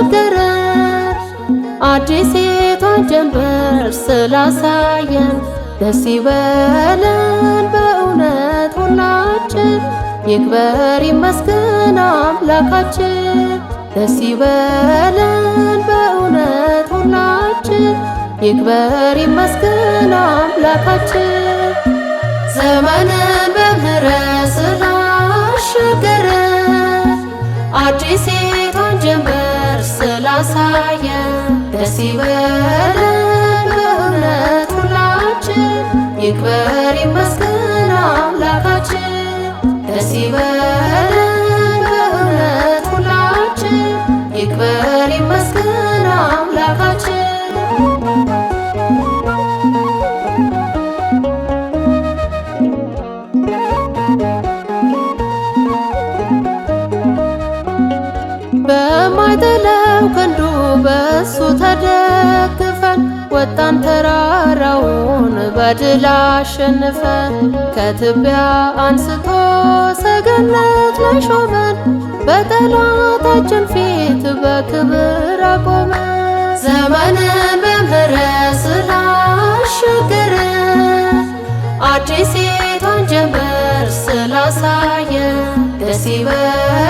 ተሻገረ አዲሲቷን ጀንበር ስላሳየን ደስ ይበለን በእውነት ሁላችን። ይክበር ይመስገን አምላካችን ደስ ይበለን በእውነት ሁላችን። ይክበር ይመስገን አምላካችን ዘመንን በምህረት ስላሻገረ አዲሲቷን ጀንበር ያሳየን። ደስ ይበለን በእውነት ሁላችን፣ ይክበር ይመስገን አምላካችን። ደስ ይበለን በእውነት ሁላችን፣ ይክበር ይመስገን አምላካችን። በማይተለው በእሱ ተደግፈን ወጣን ተራራውን በድል አሸንፈን ከትቢያ አንስቶ ሰገነት ላይ ሾመን በጠላታችን ፊት በክብር አቆመን። ዘመንን በምህረት ስላሻገረን አዲሲቷን ጀምበር ስላሳየን ደስ ይበል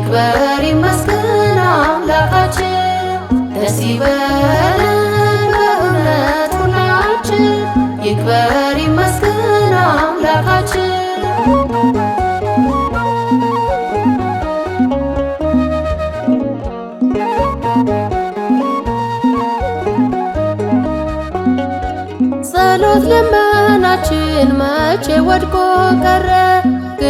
ይክበር ይመስገን አምላካችን፣ ደስ ይበለን በእውነት ሁላችን። ይክበር ይመስገን አምላካችን። ጸሎት ልመናችን መቼ ወድቆ ቀረ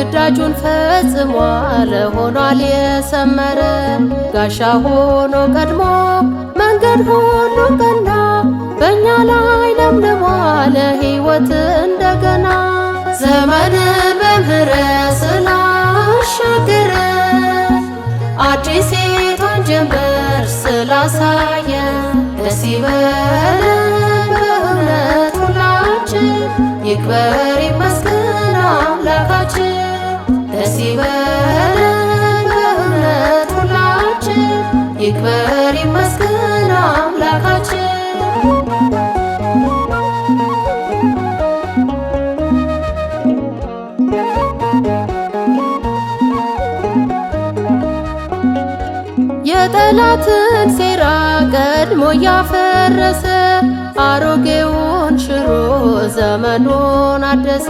ግዳጁን ፈጽሟል ሆኗል የሰመረ ጋሻ ሆኖ ቀድሞ መንገድ ሁሉ ቀና በእኛ ላይ ለምልሟል ሕይወት እንደገና ዘመን በምህረት ስላሻገረ አዲስ ሕይወትን ጀምበር ስላሳየ ደስ ይበለን በእውነት ሁላችን ይክበር ይመስገን ይክበር ይመስገን አምላካችን። የጠላትን ሴራ ቀድሞ ያፈረሰ አሮጌውን ሽሮ ዘመኑን አደሰ።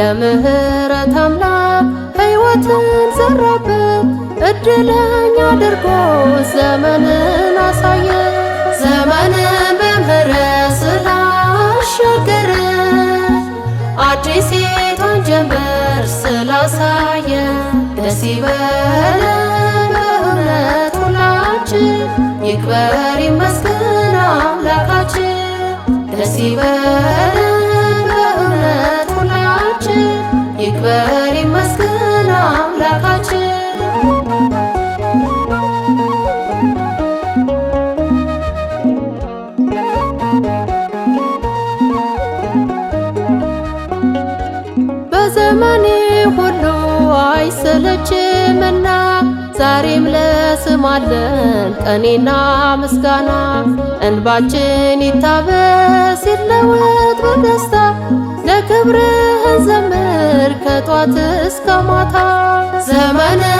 የምህረት አምላክ ሕይወትን ዘራበት እድለኛ አድርጎ ዘመንን አሳየ ዘመንን በምህረት ስላሻገረ አዲሲቷን ጀምበር ስላሳየ ደስ ይበለን በእውነት ሁላችን ይክበር ይመስገን አምላካችን ደስ በእውነት ሁላችን ይክበር ይመስገን በዘመኔ ሁሉ አይሰለችምና ዛሬም ለስም ቀኔና ምስጋና እንባችን ይታበስ ይለወጥ በደስታ ለክብርህ ዘምር ከጧት እስከ ማታ ዘመነ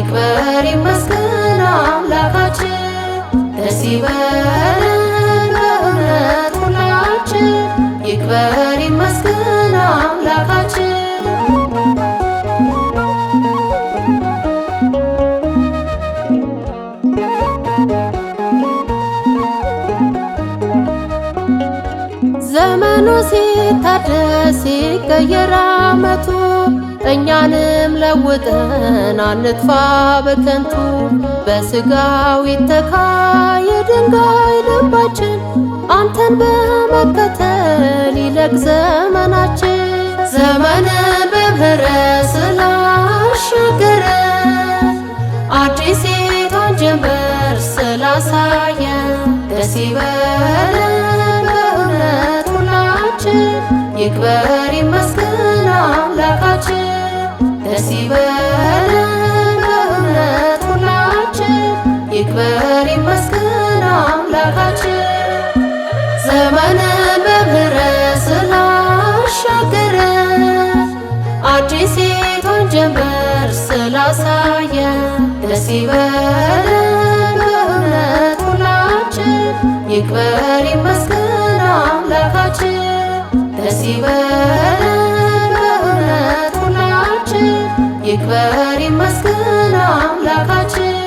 ይክበር ይመስገን አምላካችን፣ ደስ ይበለን በእውነት ሁላችን። ይክበር ይመስገን አምላካችን። ዘመኑ ሲታደስ ሲቀየር ዓመቱ እኛንም ለውጠን አንጥፋ በከንቱ በስጋው ይተካ የድንጋይ ልባችን አንተን በመከተል ይለቅ ዘመናችን ዘመንን በምህረት ስላሻገረን አዲሲቷን ጀንበር ስላሳየ ደስ ይበለን በእውነት ሁላችን ይክበር ይመስገን አምላካችን ደስ ይበለን በእምነት ሁላችን፣ ይክበር ይመስገን አምላካችን። ዘመንን በምህረት ስላሻገረን አዲስ ሕይወትን ጀምበር ስላሳየን ደስ ይበለን በእምነት ሁላችን፣ ይክበር ይመስገን አምላካችን። ደስ ይበለን ይክበር ይመስገን አምላካችን